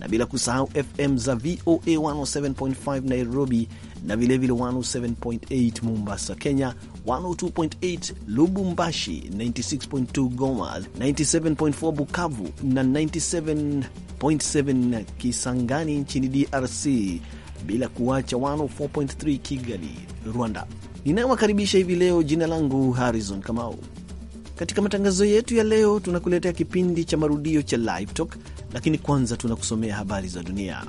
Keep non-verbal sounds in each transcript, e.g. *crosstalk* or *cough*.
na bila kusahau FM za VOA 107.5 Nairobi na vilevile 107.8 Mombasa, Kenya, 102.8 Lubumbashi, 96.2 Goma, 97.4 Bukavu na 97.7 Kisangani nchini DRC, bila kuacha 104.3 Kigali, Rwanda. Ninayewakaribisha hivi leo, jina langu Harrison Kamau. Katika matangazo yetu ya leo, tunakuletea kipindi cha marudio cha Live Talk, lakini kwanza tunakusomea habari za dunia.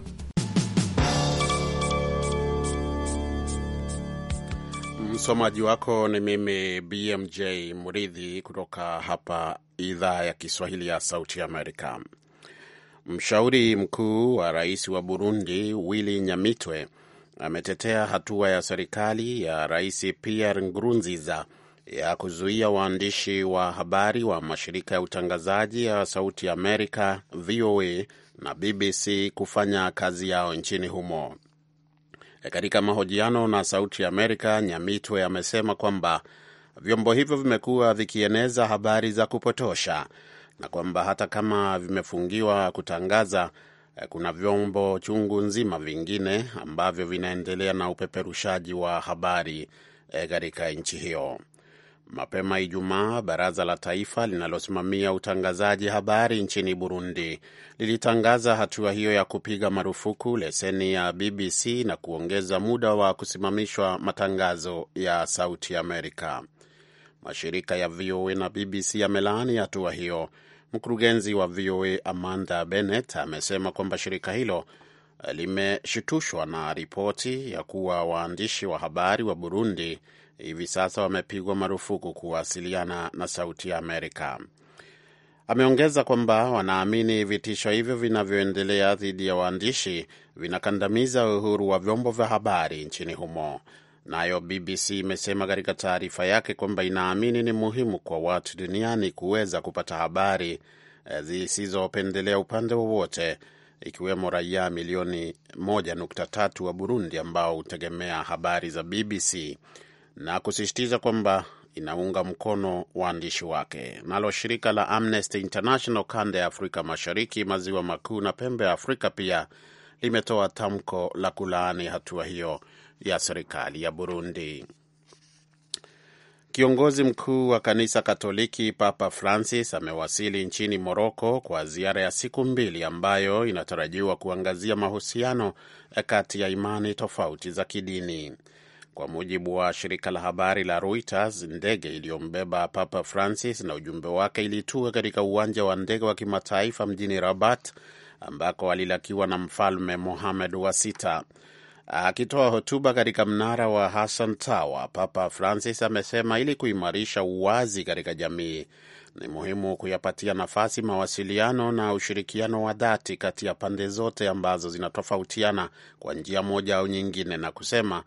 Msomaji wako ni mimi BMJ Muridhi kutoka hapa idhaa ya Kiswahili ya Sauti Amerika. Mshauri mkuu wa rais wa Burundi Willy Nyamitwe ametetea hatua ya serikali ya rais Pierre Nkurunziza ya kuzuia waandishi wa habari wa mashirika ya utangazaji ya Sauti Amerika, VOA na BBC kufanya kazi yao nchini humo. E, katika mahojiano na Sauti Amerika, Nyamitwe amesema kwamba vyombo hivyo vimekuwa vikieneza habari za kupotosha na kwamba hata kama vimefungiwa kutangaza, e, kuna vyombo chungu nzima vingine ambavyo vinaendelea na upeperushaji wa habari e, katika nchi hiyo. Mapema Ijumaa, baraza la taifa linalosimamia utangazaji habari nchini Burundi lilitangaza hatua hiyo ya kupiga marufuku leseni ya BBC na kuongeza muda wa kusimamishwa matangazo ya Sauti Amerika. Mashirika ya VOA na BBC yamelaani hatua hiyo. Mkurugenzi wa VOA Amanda Bennett amesema kwamba shirika hilo limeshutushwa na ripoti ya kuwa waandishi wa habari wa Burundi hivi sasa wamepigwa marufuku kuwasiliana na Sauti ya Amerika. Ameongeza kwamba wanaamini vitisho hivyo vinavyoendelea dhidi ya waandishi vinakandamiza uhuru wa vyombo vya habari nchini humo. Nayo BBC imesema katika taarifa yake kwamba inaamini ni muhimu kwa watu duniani kuweza kupata habari eh, zisizopendelea upande wowote, ikiwemo raia milioni 1.3 wa Burundi ambao hutegemea habari za BBC na kusisitiza kwamba inaunga mkono waandishi wake. Nalo shirika la Amnesty International kanda ya Afrika Mashariki, maziwa makuu na pembe ya Afrika pia limetoa tamko la kulaani hatua hiyo ya serikali ya Burundi. Kiongozi mkuu wa kanisa Katoliki Papa Francis amewasili nchini Moroko kwa ziara ya siku mbili ambayo inatarajiwa kuangazia mahusiano kati ya imani tofauti za kidini. Kwa mujibu wa shirika la habari la Reuters, ndege iliyombeba Papa Francis na ujumbe wake ilitua katika uwanja wa ndege wa kimataifa mjini Rabat ambako alilakiwa na Mfalme Mohamed wa Sita. Akitoa hotuba katika mnara wa Hassan Tower, Papa Francis amesema ili kuimarisha uwazi katika jamii ni muhimu kuyapatia nafasi mawasiliano na ushirikiano wa dhati kati ya pande zote ambazo zinatofautiana kwa njia moja au nyingine, na kusema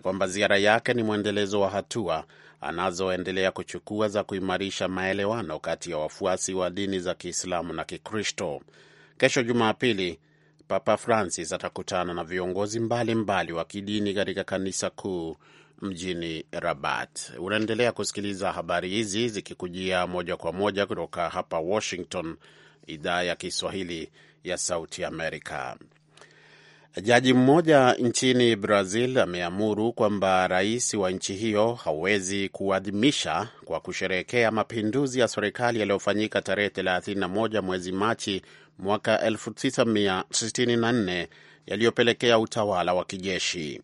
kwamba ziara yake ni mwendelezo wa hatua anazoendelea kuchukua za kuimarisha maelewano kati ya wafuasi wa dini za Kiislamu na Kikristo. Kesho Jumapili, Papa Francis atakutana na viongozi mbalimbali mbali wa kidini katika kanisa kuu mjini Rabat. Unaendelea kusikiliza habari hizi zikikujia moja kwa moja kutoka hapa Washington, idhaa ya Kiswahili ya Sauti Amerika. Jaji mmoja nchini Brazil ameamuru kwamba rais wa nchi hiyo hawezi kuadhimisha kwa kusherehekea mapinduzi ya serikali yaliyofanyika tarehe 31 mwezi Machi mwaka 1964 yaliyopelekea utawala wa kijeshi.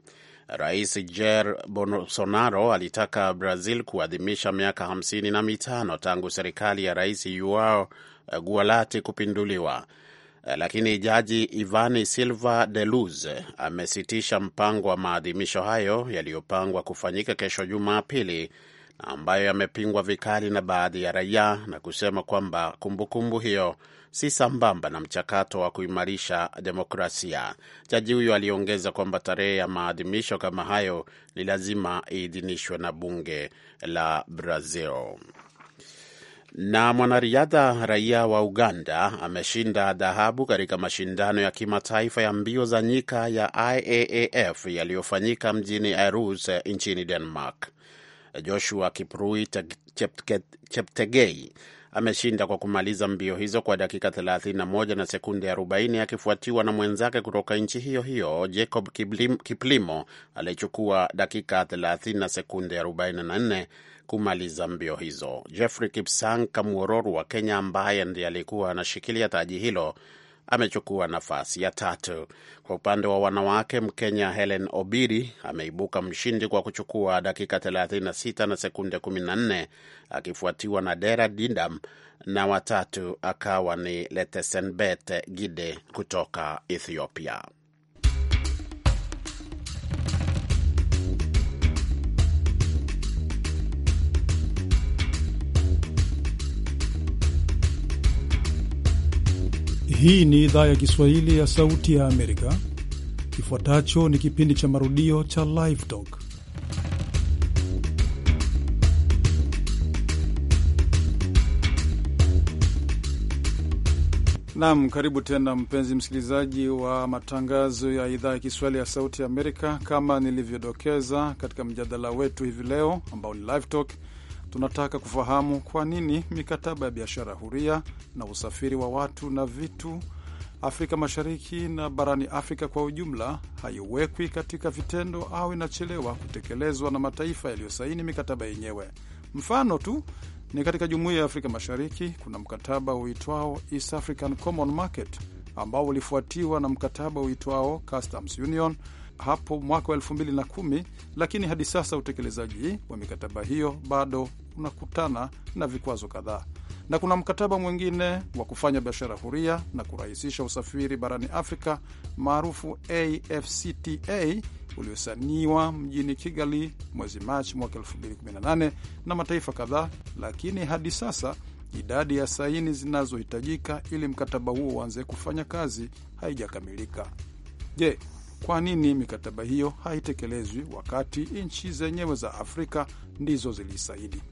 Rais Jair Bolsonaro alitaka Brazil kuadhimisha miaka 55 na mitano tangu serikali ya rais Joao Gualati kupinduliwa lakini jaji Ivani Silva de Luz amesitisha mpango wa maadhimisho hayo yaliyopangwa kufanyika kesho Jumapili na ambayo yamepingwa vikali na baadhi ya raia na kusema kwamba kumbukumbu hiyo si sambamba na mchakato wa kuimarisha demokrasia. Jaji huyo aliongeza kwamba tarehe ya maadhimisho kama hayo ni lazima iidhinishwe na bunge la Brazil. Na mwanariadha raia wa Uganda ameshinda dhahabu katika mashindano ya kimataifa ya mbio za nyika ya IAAF yaliyofanyika mjini Aarhus nchini Denmark. Joshua Kiprui Cheptegei ameshinda kwa kumaliza mbio hizo kwa dakika 31 na sekunde 40 akifuatiwa na mwenzake kutoka nchi hiyo hiyo Jacob Kiplimo aliyechukua dakika 30 na sekunde 44 kumaliza mbio hizo. Jeffrey Kipsang Kamuororu wa Kenya, ambaye ndiye alikuwa anashikilia taji hilo, amechukua nafasi ya tatu. Kwa upande wa wanawake, Mkenya Helen Obiri ameibuka mshindi kwa kuchukua dakika 36 na sekunde 14, akifuatiwa na Dera Didam na watatu akawa ni Letesenbet Gide kutoka Ethiopia. Hii ni idhaa ya Kiswahili ya Sauti ya Amerika. Kifuatacho ni kipindi cha marudio cha Live Talk. Naam, karibu tena mpenzi msikilizaji wa matangazo ya idhaa ya Kiswahili ya Sauti ya Amerika. Kama nilivyodokeza katika mjadala wetu hivi leo ambao ni Live Talk Tunataka kufahamu kwa nini mikataba ya biashara huria na usafiri wa watu na vitu Afrika Mashariki na barani Afrika kwa ujumla haiwekwi katika vitendo au inachelewa kutekelezwa na mataifa yaliyosaini mikataba yenyewe. Mfano tu ni katika Jumuiya ya Afrika Mashariki kuna mkataba uitwao East African Common Market ambao ulifuatiwa na mkataba uitwao Customs Union hapo mwaka wa kumi, lakini hadi sasa utekelezaji wa mikataba hiyo bado unakutana na vikwazo kadhaa. Na kuna mkataba mwingine wa kufanya biashara huria na kurahisisha usafiri barani Afrika maarufu AfCFTA uliosaniwa mjini Kigali mwezi Machi mwaka 2018 na mataifa kadhaa, lakini hadi sasa idadi ya saini zinazohitajika ili mkataba huo uanze kufanya kazi haijakamilika. Je, kwa nini mikataba hiyo haitekelezwi wakati nchi zenyewe za Afrika ndizo zilisaidi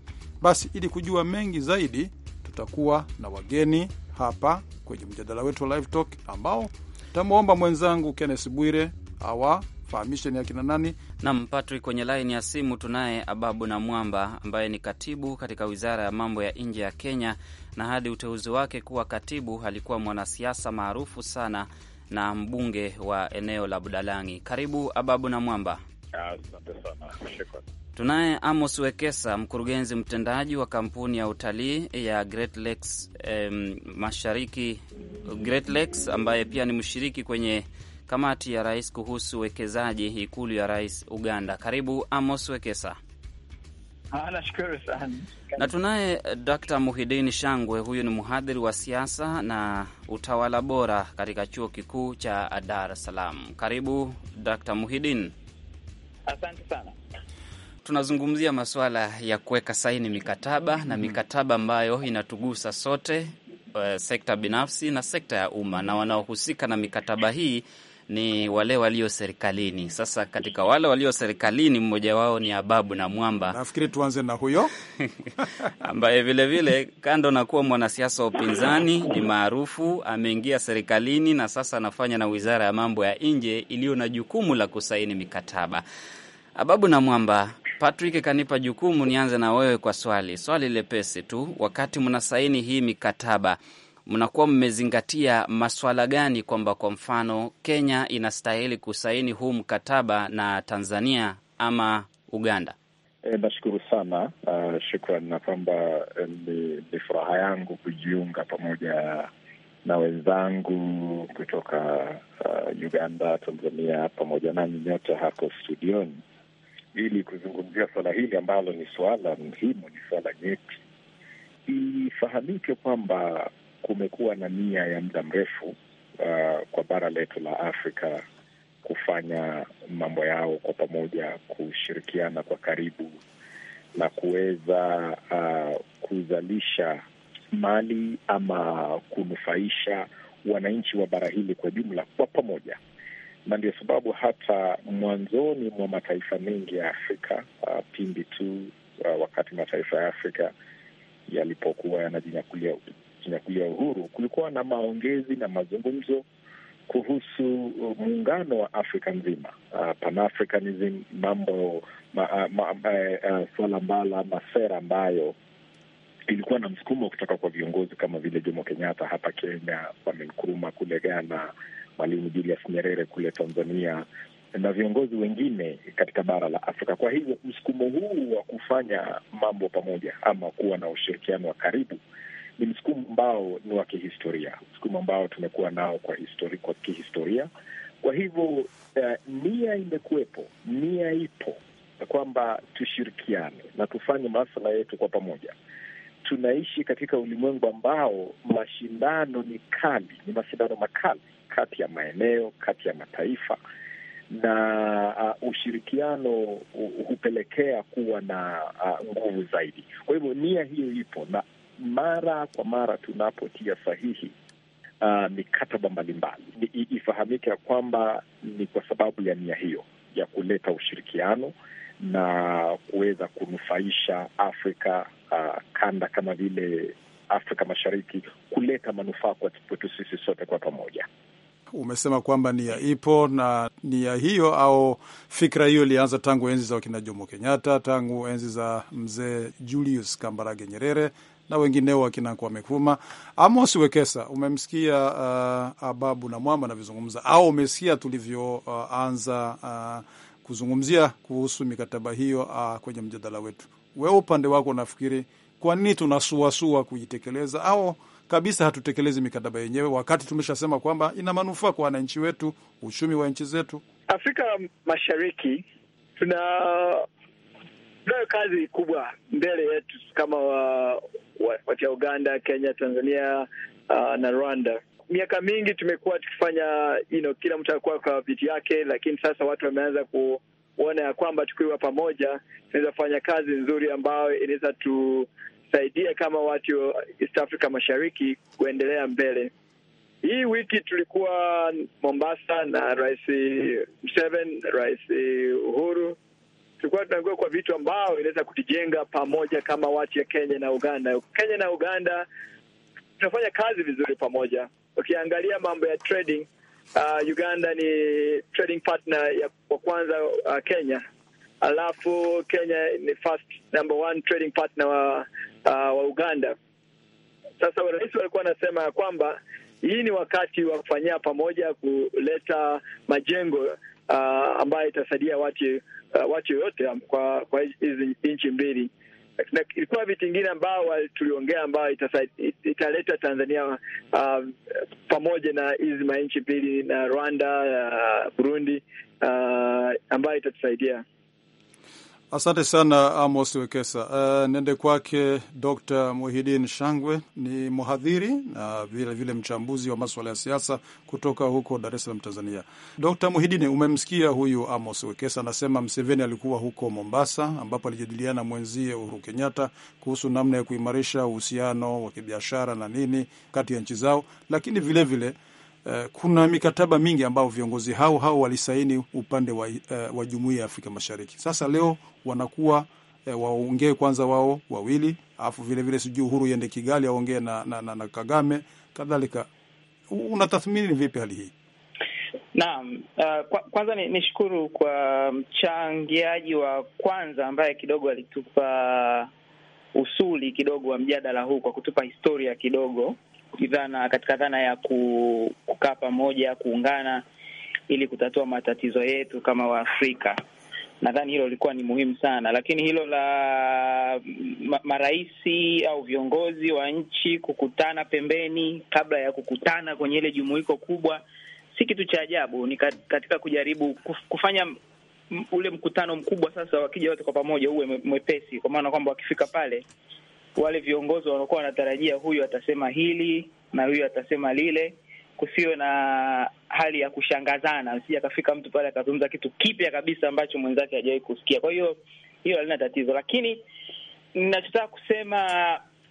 Basi ili kujua mengi zaidi, tutakuwa na wageni hapa kwenye mjadala wetu wa Live Talk ambao tamwomba mwenzangu Kennes Bwire awa fahamishe ni akina nani. Nam Patrick, kwenye laini ya simu tunaye Ababu na Mwamba ambaye ni katibu katika wizara ya mambo ya nje ya Kenya, na hadi uteuzi wake kuwa katibu alikuwa mwanasiasa maarufu sana na mbunge wa eneo la Budalangi. Karibu Ababu na Mwamba. Tunaye Amos Wekesa, mkurugenzi mtendaji wa kampuni ya utalii ya Great Lakes, eh, mashariki Great Lakes, ambaye pia ni mshiriki kwenye kamati ya rais kuhusu uwekezaji ikulu ya rais Uganda. Karibu Amos Wekesa. Nashukuru sana. Na tunaye eh, Dr. Muhidini Shangwe, huyu ni mhadhiri wa siasa na utawala bora katika chuo kikuu cha Dar es Salaam. Karibu Dr. Muhidin. Asante sana. Tunazungumzia masuala ya kuweka saini mikataba na mm-hmm. mikataba ambayo inatugusa sote, eh, sekta binafsi na sekta ya umma, na wanaohusika na mikataba hii ni wale walio serikalini. Sasa katika wale walio serikalini, mmoja wao ni Ababu na Mwamba. Nafikiri tuanze na huyo *laughs* ambaye vilevile kando na kuwa mwanasiasa wa upinzani ni maarufu, ameingia serikalini na sasa anafanya na wizara ya mambo ya nje iliyo na jukumu la kusaini mikataba. Ababu na Mwamba, Patrick kanipa jukumu nianze na wewe kwa swali swali lepesi tu, wakati mnasaini hii mikataba mnakuwa mmezingatia maswala gani, kwamba kwa mfano Kenya inastahili kusaini huu mkataba na Tanzania ama Uganda? E, nashukuru sana uh, shukran na kwamba ni, ni furaha yangu kujiunga pamoja na wenzangu kutoka uh, Uganda, Tanzania pamoja nanyi nyote hapo studioni ili kuzungumzia suala hili ambalo ni suala muhimu, ni suala nyeti. Ifahamike kwamba kumekuwa na nia ya muda mrefu uh, kwa bara letu la Afrika kufanya mambo yao kwa pamoja, kushirikiana kwa karibu na kuweza uh, kuzalisha mali ama kunufaisha wananchi wa bara hili kwa jumla kwa pamoja, na ndio sababu hata mwanzoni mwa mataifa mengi ya Afrika uh, pindi tu uh, wakati mataifa ya Afrika yalipokuwa yanajinyakulia tunakujia uhuru, kulikuwa na maongezi na mazungumzo kuhusu uh, muungano wa Afrika nzima, uh, Panafricanism, mambo ma, uh, ma, ma, uh, uh, swala mbala sera ambayo ilikuwa na msukumo kutoka kwa viongozi kama vile Jomo Kenyatta hapa Kenya, Kwame Nkrumah kule Ghana, Mwalimu Julius Nyerere kule Tanzania na viongozi wengine katika bara la Afrika. Kwa hivyo msukumo huu wa kufanya mambo pamoja ama kuwa na ushirikiano wa karibu ni msukumo ambao ni wa kihistoria, msukumo ambao tumekuwa nao kwa histori, kwa kihistoria. Kwa hivyo uh, nia imekuwepo, nia ipo na kwamba tushirikiane na tufanye masuala yetu kwa pamoja. Tunaishi katika ulimwengu ambao mashindano ni kali, ni mashindano makali kati ya maeneo, kati ya mataifa na uh, ushirikiano hupelekea kuwa na uh, nguvu zaidi. Kwa hivyo nia hiyo ipo na mara kwa mara tunapotia sahihi uh, mikataba mbalimbali, ifahamike ya kwamba ni kwa sababu ya nia hiyo ya kuleta ushirikiano na kuweza kunufaisha Afrika uh, kanda kama vile Afrika Mashariki, kuleta manufaa kwetu sisi sote kwa pamoja. Umesema kwamba nia ipo na nia hiyo au fikra hiyo ilianza tangu enzi za wakina Jomo Kenyatta, tangu enzi za mzee Julius Kambarage Nyerere na wengineo wakina Kwame Nkrumah. Amos Wekesa, umemsikia uh, Ababu na Mwamba anavyozungumza, au umesikia tulivyoanza uh, uh, kuzungumzia kuhusu mikataba hiyo uh, kwenye mjadala wetu. Wewe upande wako unafikiri kwa nini tunasuasua kuitekeleza au kabisa hatutekelezi mikataba yenyewe, wakati tumeshasema kwamba ina manufaa kwa wananchi wetu, uchumi wa nchi zetu. Afrika Mashariki tuna tunayo kazi kubwa mbele yetu kama wa, ya Uganda, Kenya, Tanzania uh, na Rwanda. Miaka mingi tumekuwa tukifanya you know, kila mtu alikuwa kwa viti yake, lakini sasa watu wameanza kuona ya kwamba tukiwa pamoja tunaweza kufanya kazi nzuri ambayo inaweza tusaidia kama watu wa East Africa Mashariki kuendelea mbele. Hii wiki tulikuwa Mombasa na Rais Museveni, Rais Uhuru tulikuwa tunaingia kwa vitu ambao inaweza kutijenga pamoja kama watu ya Kenya na Uganda. Kenya na Uganda tunafanya kazi vizuri pamoja. Ukiangalia mambo ya trading, uh, Uganda ni trading partner ya wa kwanza uh, Kenya, alafu Kenya ni first number one trading partner wa, uh, wa Uganda. Sasa rais walikuwa wanasema ya kwamba hii ni wakati wa kufanyia pamoja, kuleta majengo uh, ambayo itasaidia watu uh, watu yoyote kwa kwa hizi nchi mbili na ilikuwa vitu vingine ambao tuliongea ambayo italeta Tanzania uh, pamoja na hizi manchi mbili na Rwanda uh, Burundi uh, ambayo itatusaidia Asante sana Amos Wekesa. Uh, eh, nende kwake Dr. Muhidin Shangwe, ni mhadhiri na uh, vilevile mchambuzi wa maswala ya siasa kutoka huko Dar es Salaam, Tanzania. Dr. Muhidin, umemsikia huyu Amos Wekesa anasema Mseveni alikuwa huko Mombasa ambapo alijadiliana mwenzie Uhuru Kenyatta kuhusu namna ya kuimarisha uhusiano wa kibiashara na nini kati ya nchi zao, lakini vilevile vile, Eh, kuna mikataba mingi ambao viongozi hao hao walisaini upande wa, eh, wa Jumuiya ya Afrika Mashariki. Sasa leo wanakuwa eh, waongee kwanza wao wawili, alafu vilevile sijui Uhuru iende Kigali aongee na, na, na, na Kagame kadhalika. Unatathmini vipi hali hii? Naam, uh, kwanza nishukuru ni kwa mchangiaji wa kwanza ambaye kidogo alitupa usuli kidogo wa mjadala huu kwa kutupa historia kidogo dhana, katika dhana ya kukaa pamoja, kuungana ili kutatua matatizo yetu kama Waafrika. Nadhani hilo lilikuwa ni muhimu sana, lakini hilo la maraisi au viongozi wa nchi kukutana pembeni kabla ya kukutana kwenye ile jumuiko kubwa si kitu cha ajabu. Ni katika kujaribu kufanya ule mkutano mkubwa sasa, wakija wote kwa pamoja, uwe mwepesi, kwa maana kwamba wakifika pale wale viongozi wanakuwa wanatarajia huyu atasema hili na huyu atasema lile, kusiwe na hali ya kushangazana, si akafika mtu pale akazungumza kitu kipya kabisa ambacho mwenzake hajawahi kusikia. Kwa hiyo hiyo halina tatizo, lakini ninachotaka kusema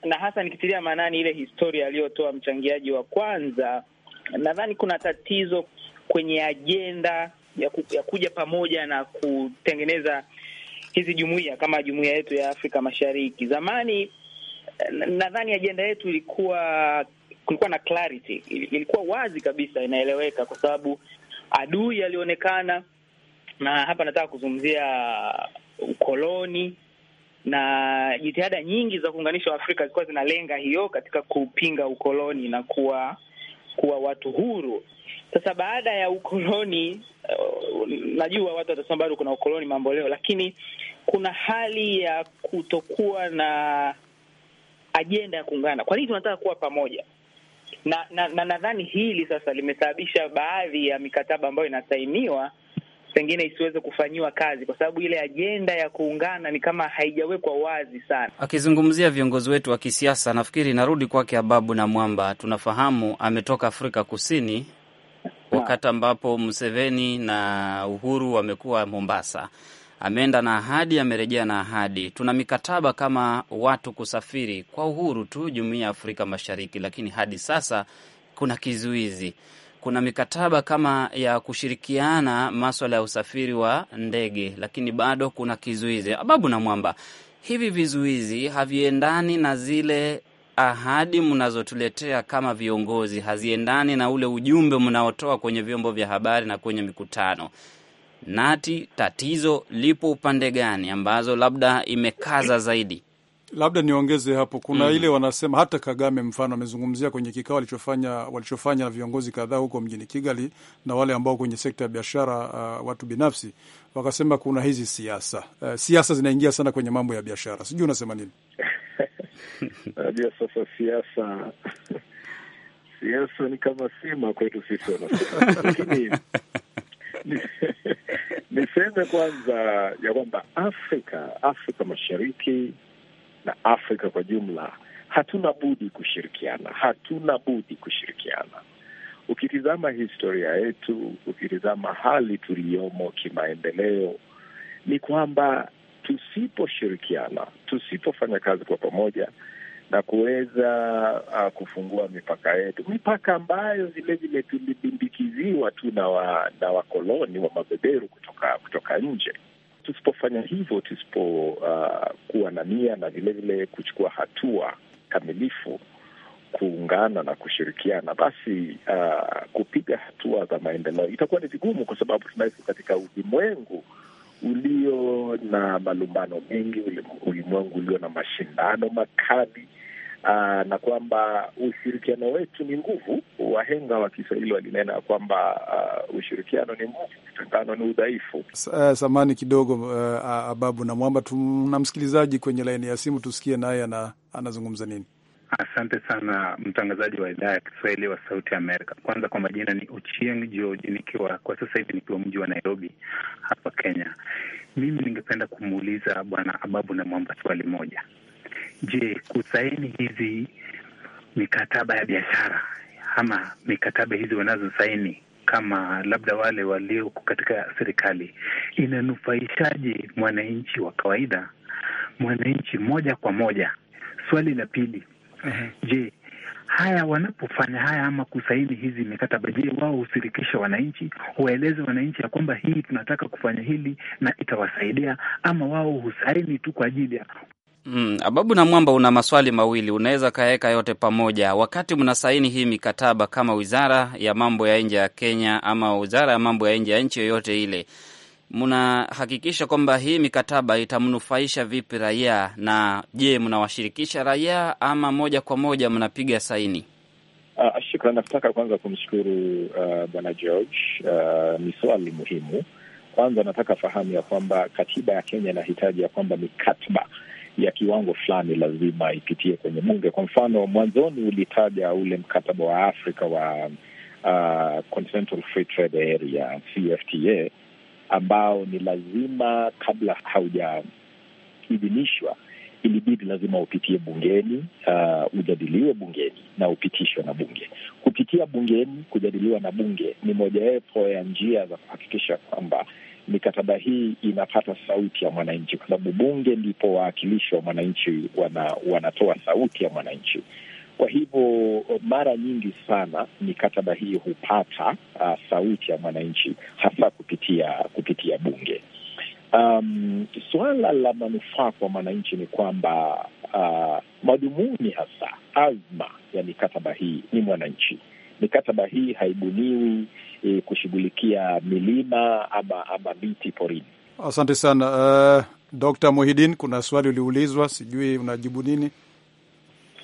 na hasa nikitilia maanani ile historia aliyotoa mchangiaji wa kwanza, nadhani kuna tatizo kwenye ajenda ya, ku, ya kuja pamoja na kutengeneza hizi jumuiya kama jumuiya yetu ya Afrika Mashariki. Zamani nadhani ajenda yetu ilikuwa, kulikuwa na clarity, ilikuwa wazi kabisa, inaeleweka kwa sababu adui alionekana, na hapa nataka kuzungumzia ukoloni na jitihada nyingi za kuunganisha Waafrika zilikuwa zinalenga hiyo katika kupinga ukoloni na kuwa kuwa watu huru. Sasa baada ya ukoloni, eh, najua watu watasema bado kuna ukoloni mambo leo, lakini kuna hali ya kutokuwa na ajenda ya kuungana. Kwa nini tunataka kuwa pamoja? Na nadhani na, na, hili sasa limesababisha baadhi ya mikataba ambayo inasainiwa pengine isiweze kufanyiwa kazi kwa sababu ile ajenda ya kuungana ni kama haijawekwa wazi sana. Akizungumzia viongozi wetu wa kisiasa, nafikiri narudi kwake Ababu na Mwamba. Tunafahamu ametoka Afrika Kusini wakati ambapo Museveni na Uhuru wamekuwa Mombasa ameenda na ahadi, amerejea na ahadi. Tuna mikataba kama watu kusafiri kwa uhuru tu jumuiya ya Afrika Mashariki, lakini hadi sasa kuna kizuizi. Kuna mikataba kama ya kushirikiana maswala ya usafiri wa ndege, lakini bado kuna kizuizi. Ababu na mwamba, hivi vizuizi haviendani na zile ahadi mnazotuletea kama viongozi, haziendani na ule ujumbe mnaotoa kwenye vyombo vya habari na kwenye mikutano. Nati, tatizo lipo upande gani ambazo labda imekaza zaidi? Labda niongeze hapo, kuna mm, ile wanasema hata Kagame mfano amezungumzia kwenye kikao walichofanya walichofanya na viongozi kadhaa huko mjini Kigali na wale ambao kwenye sekta ya biashara, uh, watu binafsi wakasema kuna hizi siasa uh, siasa zinaingia sana kwenye mambo ya biashara. Sijui unasema nini? *laughs* Najua sasa siasa siasa ni kama sima kwetu sisi lakini *laughs* Niseme kwanza ya kwamba Afrika, Afrika Mashariki na Afrika kwa jumla, hatuna budi kushirikiana, hatuna budi kushirikiana. Ukitizama historia yetu, ukitizama hali tuliyomo kimaendeleo, ni kwamba tusiposhirikiana, tusipofanya kazi kwa pamoja na kuweza uh, kufungua mipaka yetu, mipaka ambayo vilevile tulibindikiziwa tu na wa, na wakoloni wa mabeberu kutoka kutoka nje. Tusipofanya hivyo, tusipokuwa ah, uh, na nia na vilevile kuchukua hatua kamilifu kuungana na kushirikiana, basi uh, kupiga hatua za maendeleo itakuwa ni vigumu, kwa sababu tunaishi katika ulimwengu ulio na malumbano mengi, ulimwengu ulio na mashindano makali, aa, ah, na kwamba ushirikiano wetu ni nguvu. Wahenga wa Kiswahili walinena kwamba uh, ushirikiano ni nguvu, utengano ni udhaifu. Eh, samani kidogo uh, Ababu na Mwamba, tuna msikilizaji kwenye laini ya simu, tusikie naye ana, anazungumza nini. Asante sana mtangazaji wa idhaa ya Kiswahili wa Sauti ya Amerika. Kwanza kwa majina ni Ochieng George, nikiwa kwa sasa hivi nikiwa mji wa Nairobi hapa Kenya. Mimi ningependa kumuuliza Bwana Ababu na Mwamba swali moja je, kusaini hizi mikataba ya biashara ama mikataba hizi wanazosaini kama labda wale walioko katika serikali inanufaishaje mwananchi wa kawaida, mwananchi moja kwa moja? Swali la pili, uh-huh. Je, haya wanapofanya haya ama kusaini hizi mikataba, je, wao hushirikisha wananchi, waeleze wananchi ya kwamba hii tunataka kufanya hili na itawasaidia, ama wao husaini tu kwa ajili ya Mm, Ababu na Mwamba, una maswali mawili unaweza kaweka yote pamoja. Wakati mnasaini hii mikataba kama wizara ya mambo ya nje ya Kenya ama wizara ya mambo ya nje ya nchi yoyote ile, mnahakikisha kwamba hii mikataba itamnufaisha vipi raia? Na je, mnawashirikisha raia ama moja kwa moja mnapiga saini? Uh, ah, shukran. Nakutaka kwanza kumshukuru uh, bwana George. Uh, ni swali muhimu. Kwanza nataka fahamu ya kwamba katiba ya Kenya inahitaji ya kwamba mikataba ya kiwango fulani lazima ipitie kwenye bunge. Kwa mfano, mwanzoni ulitaja ule mkataba wa Afrika wa uh, Continental Free Trade Area CFTA, ambao ni lazima kabla haujaidhinishwa ilibidi lazima upitie bungeni, uh, ujadiliwe bungeni na upitishwe na bunge. Kupitia bungeni, kujadiliwa na bunge ni mojawapo ya njia za kuhakikisha kwamba mikataba hii inapata sauti ya mwananchi, kwa sababu bunge ndipo wawakilishi wa mwananchi wana, wanatoa sauti ya mwananchi. Kwa hivyo mara nyingi sana mikataba hii hupata uh, sauti ya mwananchi hasa kupitia kupitia bunge. Um, suala la manufaa kwa mwananchi ni kwamba uh, madhumuni hasa azma ya mikataba hii ni mwananchi. Mikataba hii haibuniwi e, kushughulikia milima ama ama miti porini. Asante sana uh, eh, Dr. Muhidin, kuna swali uliulizwa, sijui unajibu nini?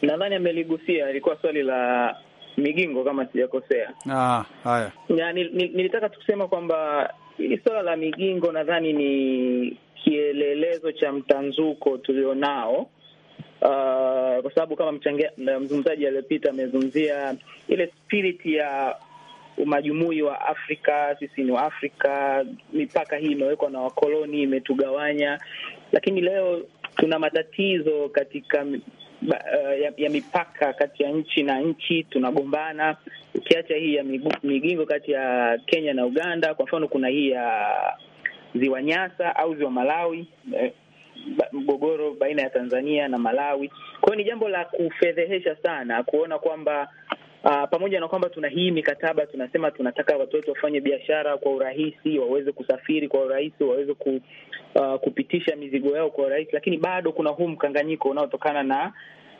Nadhani ameligusia, ilikuwa swali la migingo kama sijakosea. Ah, haya na, nil, nil, nilitaka tukusema kwamba hili swala la migingo nadhani ni kielelezo cha mtanzuko tulionao uh, kwa sababu kama mzungumzaji aliyopita amezungumzia ile spirit ya umajumui wa Afrika, sisi ni Waafrika, mipaka hii imewekwa na wakoloni, imetugawanya. Lakini leo tuna matatizo katika uh, ya, ya mipaka kati ya nchi na nchi, tunagombana. Ukiacha hii ya migingo kati ya Kenya na Uganda, kwa mfano, kuna hii ya ziwa Nyasa au ziwa Malawi, eh, mgogoro baina ya Tanzania na Malawi. Kwa hiyo ni jambo la kufedhehesha sana kuona kwamba Uh, pamoja na kwamba tuna hii mikataba tunasema tunataka watoto wafanye biashara kwa urahisi, waweze kusafiri kwa urahisi, waweze ku, uh, kupitisha mizigo yao kwa urahisi, lakini bado kuna huu mkanganyiko unaotokana na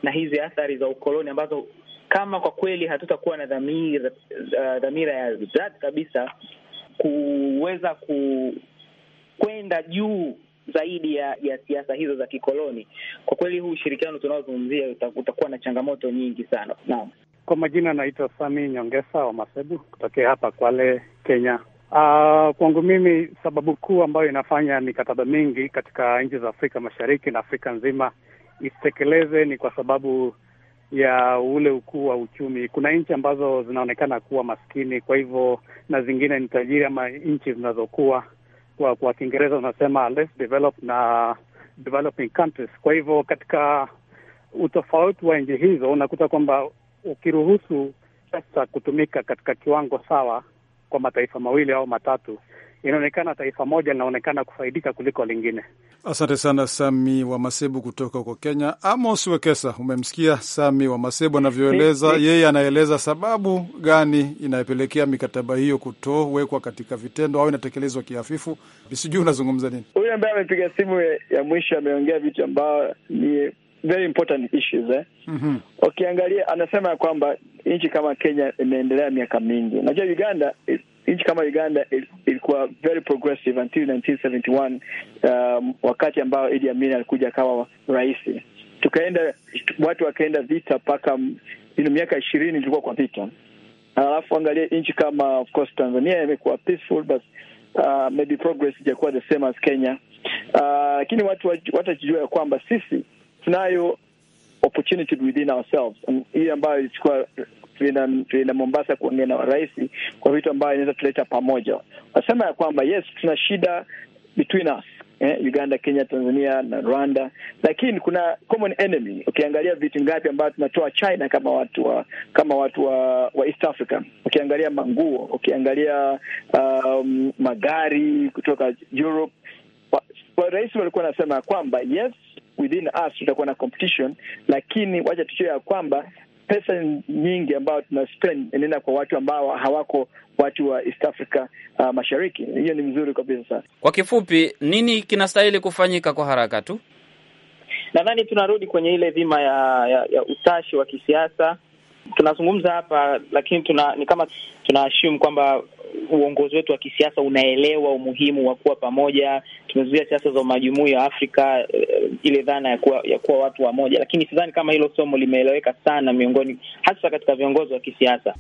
na hizi athari za ukoloni ambazo kama kwa kweli hatutakuwa na dhamira, uh, dhamira ya dhati kabisa kuweza ku kwenda juu zaidi ya ya siasa hizo za kikoloni. Kwa kweli huu ushirikiano tunaozungumzia utakuwa na changamoto nyingi sana. Naam, kwa majina naitwa Sami Nyongesa wa Masebu kutokea hapa Kwale, Kenya. Uh, kwangu mimi sababu kuu ambayo inafanya mikataba mingi katika nchi za Afrika Mashariki na Afrika nzima isitekeleze ni kwa sababu ya ule ukuu wa uchumi. Kuna nchi ambazo zinaonekana kuwa maskini, kwa hivyo na zingine ni tajiri, ama nchi zinazokuwa kwa kwa Kiingereza unasema less developed na developing countries. Kwa hivyo katika utofauti wa nchi hizo unakuta kwamba ukiruhusu pesa kutumika katika kiwango sawa kwa mataifa mawili au matatu, inaonekana taifa moja linaonekana kufaidika kuliko lingine. Asante sana Sami wa Masebu kutoka huko Kenya. Amos Wekesa, umemsikia Sami wa Masebu anavyoeleza. Yeye anaeleza sababu gani inayopelekea mikataba hiyo kutowekwa katika vitendo au inatekelezwa kihafifu. Sijui unazungumza nini? Huyu ambaye amepiga simu ya mwisho ameongea vitu ambayo ni very important issues eh. Mm-hmm. Ukiangalia, anasema ya kwamba nchi kama Kenya imeendelea miaka mingi. Unajua Uganda nchi kama Uganda ilikuwa very progressive until 1971, um, wakati ambao Idi Amin alikuja akawa rais, tukaenda watu wakaenda vita mpaka miaka ishirini ilikuwa kwa vita. Alafu angalia nchi kama of course Tanzania imekuwa peaceful but uh, maybe progress ijakuwa the same as Kenya, uh, lakini uh, watu watajijua ya kwamba sisi tunayo opportunity within ourselves, hii ambayo ilichukua tulienda tulienda Mombasa kuongea na rais kwa vitu ambayo inaweza tuleta pamoja. Wasema ya kwamba yes, tuna shida between us eh, Uganda, Kenya, Tanzania na Rwanda, lakini kuna common enemy. Ukiangalia vitu ngapi ambayo tunatoa China kama watu wa kama watu wa, wa East Africa, ukiangalia manguo, ukiangalia um, magari kutoka Europe Rais walikuwa wanasema ya kwamba yes within us tutakuwa na competition, lakini wacha tuchoe ya kwamba pesa nyingi ambayo tuna spend inaenda kwa watu ambao hawako watu wa East Africa uh, mashariki. Hiyo ni mzuri kabisa sana. Kwa kifupi, nini kinastahili kufanyika kwa haraka tu? Nadhani tunarudi kwenye ile dhima ya, ya, ya utashi wa kisiasa tunazungumza hapa, lakini tuna ni kama tunaashumu kwamba uongozi wetu wa kisiasa unaelewa umuhimu wa kuwa pamoja. Tumezuia siasa za majumui ya Afrika, uh, ile dhana ya kuwa, ya kuwa watu wamoja, lakini sidhani kama hilo somo limeeleweka sana miongoni, hasa katika viongozi wa kisiasa.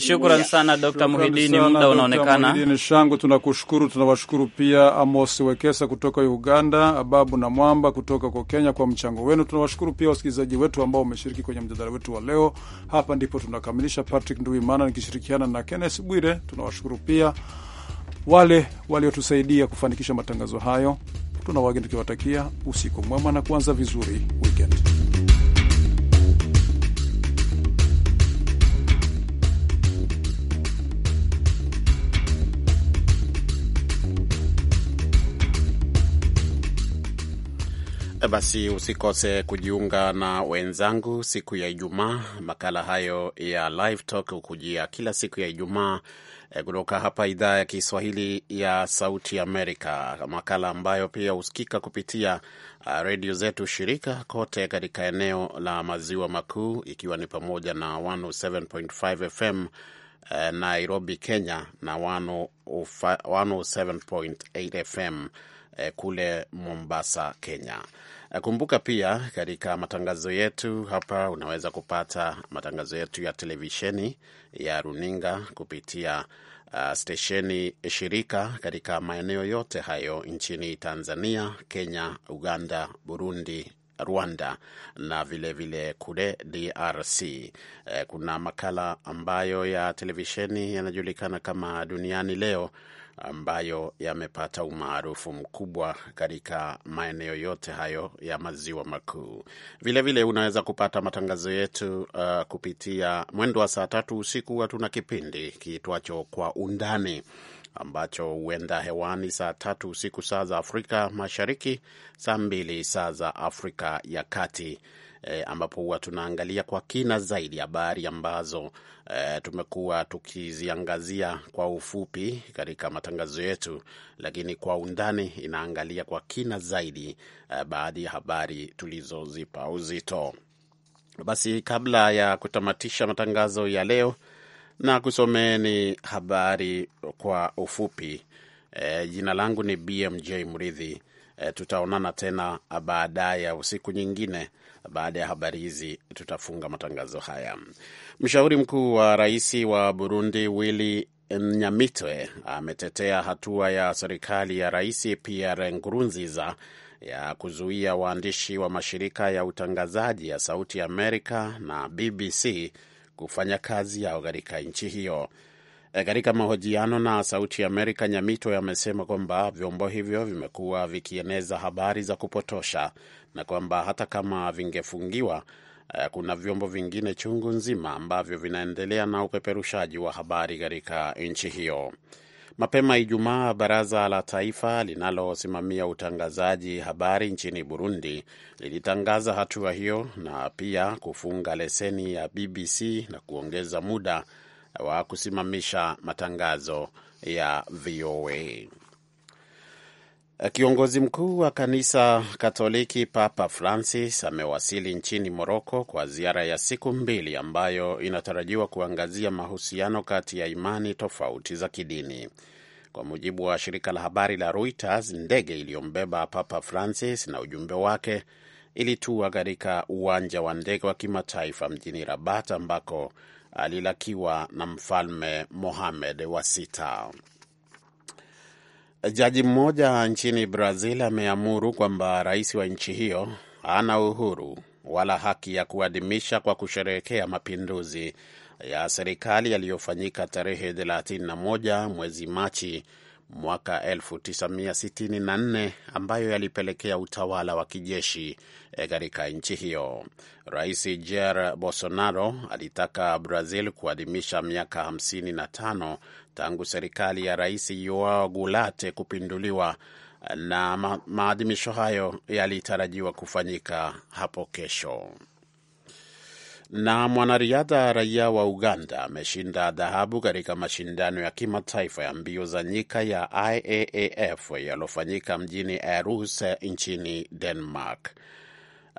Shukran sana Dr. Muhidini, muda unaonekana. Muhidini Shangu, tunakushukuru. Tunawashukuru pia Amos Wekesa kutoka Uganda, Ababu na Mwamba kutoka kwa Kenya kwa mchango wenu. Tunawashukuru pia wasikilizaji wetu ambao wameshiriki kwenye mjadala wetu wa leo. Hapa ndipo tunakamilisha. Patrick Nduimana nikishirikiana na Kenneth Bwire, tunawashukuru pia wale waliotusaidia kufanikisha matangazo hayo. Tuna wageni tukiwatakia usiku mwema na kuanza vizuri weekend. Eh, basi usikose kujiunga na wenzangu siku ya Ijumaa. Makala hayo ya Live Talk hukujia kila siku ya Ijumaa eh, kutoka hapa idhaa ya Kiswahili ya Sauti Amerika, makala ambayo pia husikika kupitia eh, redio zetu shirika kote katika eneo la maziwa makuu, ikiwa ni pamoja na 107.5 FM Nairobi, Kenya na 107.8 FM Eh, kule Mombasa, Kenya. Eh, kumbuka pia katika matangazo yetu hapa unaweza kupata matangazo yetu ya televisheni ya runinga kupitia uh, stesheni eh, shirika katika maeneo yote hayo nchini Tanzania, Kenya, Uganda, Burundi, Rwanda na vilevile vile kule DRC. kuna makala ambayo ya televisheni yanajulikana kama Duniani Leo ambayo yamepata umaarufu mkubwa katika maeneo yote hayo ya maziwa makuu. Vilevile unaweza kupata matangazo yetu uh, kupitia mwendo wa saa tatu usiku huwa tuna kipindi kiitwacho Kwa Undani ambacho huenda hewani saa tatu usiku saa za Afrika Mashariki, saa mbili saa za Afrika ya Kati e, ambapo huwa tunaangalia kwa kina zaidi habari ambazo e, tumekuwa tukiziangazia kwa ufupi katika matangazo yetu, lakini kwa undani inaangalia kwa kina zaidi e, baadhi ya habari tulizozipa uzito. Basi kabla ya kutamatisha matangazo ya leo na kusomeni habari kwa ufupi. E, jina langu ni BMJ Mridhi. E, tutaonana tena baadaye ya usiku nyingine baada ya habari hizi, tutafunga matangazo haya. Mshauri mkuu wa rais wa Burundi Willy Nyamitwe ametetea hatua ya serikali ya rais Pierre Nkurunziza ya kuzuia waandishi wa mashirika ya utangazaji ya Sauti Amerika na BBC kufanya kazi yao katika nchi hiyo. Eh, katika mahojiano na Sauti Amerika, Nyamito yamesema kwamba vyombo hivyo vimekuwa vikieneza habari za kupotosha na kwamba hata kama vingefungiwa, eh, kuna vyombo vingine chungu nzima ambavyo vinaendelea na upeperushaji wa habari katika nchi hiyo. Mapema Ijumaa, baraza la taifa linalosimamia utangazaji habari nchini Burundi lilitangaza hatua hiyo na pia kufunga leseni ya BBC na kuongeza muda wa kusimamisha matangazo ya VOA. Kiongozi mkuu wa kanisa Katoliki Papa Francis amewasili nchini Moroko kwa ziara ya siku mbili ambayo inatarajiwa kuangazia mahusiano kati ya imani tofauti za kidini. Kwa mujibu wa shirika la habari la Reuters, ndege iliyombeba Papa Francis na ujumbe wake ilitua katika uwanja wa ndege wa kimataifa mjini Rabat ambako alilakiwa na mfalme Mohamed wa sita. Jaji mmoja nchini Brazil ameamuru kwamba rais wa nchi hiyo hana uhuru wala haki ya kuadhimisha kwa kusherehekea mapinduzi ya serikali yaliyofanyika tarehe 31 mwezi Machi mwaka 1964 ambayo yalipelekea utawala wa kijeshi e, katika nchi hiyo. Rais Jair Bolsonaro alitaka Brazil kuadhimisha miaka 55 tangu serikali ya Rais Joao Goulart kupinduliwa na maadhimisho hayo yalitarajiwa kufanyika hapo kesho. Na mwanariadha raia wa Uganda ameshinda dhahabu katika mashindano ya kimataifa ya mbio za nyika ya IAAF yaliyofanyika mjini Aarhus nchini Denmark.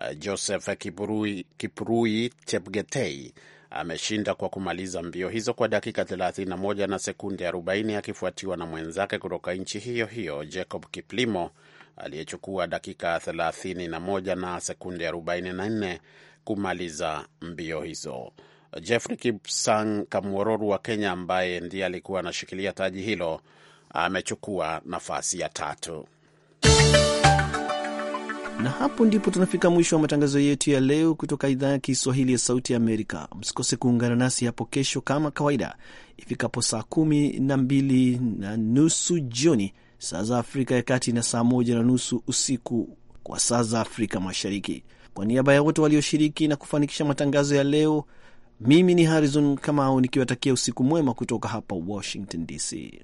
Uh, Joseph Kipurui, Kipurui Chepgetei ameshinda kwa kumaliza mbio hizo kwa dakika 31 na sekunde 40 akifuatiwa na mwenzake kutoka nchi hiyo hiyo Jacob Kiplimo aliyechukua dakika 31 na sekunde 44 kumaliza mbio hizo. Jeffrey Kipsang kamwororu wa Kenya, ambaye ndiye alikuwa anashikilia taji hilo, amechukua nafasi ya tatu. Na hapo ndipo tunafika mwisho wa matangazo yetu ya leo kutoka idhaa ya Kiswahili ya Sauti Amerika. Msikose kuungana nasi hapo kesho kama kawaida ifikapo saa kumi na mbili na nusu jioni saa za Afrika ya Kati na saa moja na nusu usiku kwa saa za Afrika Mashariki. Kwa niaba ya wote walioshiriki na kufanikisha matangazo ya leo, mimi ni Harrison Kamau nikiwatakia usiku mwema kutoka hapa Washington DC.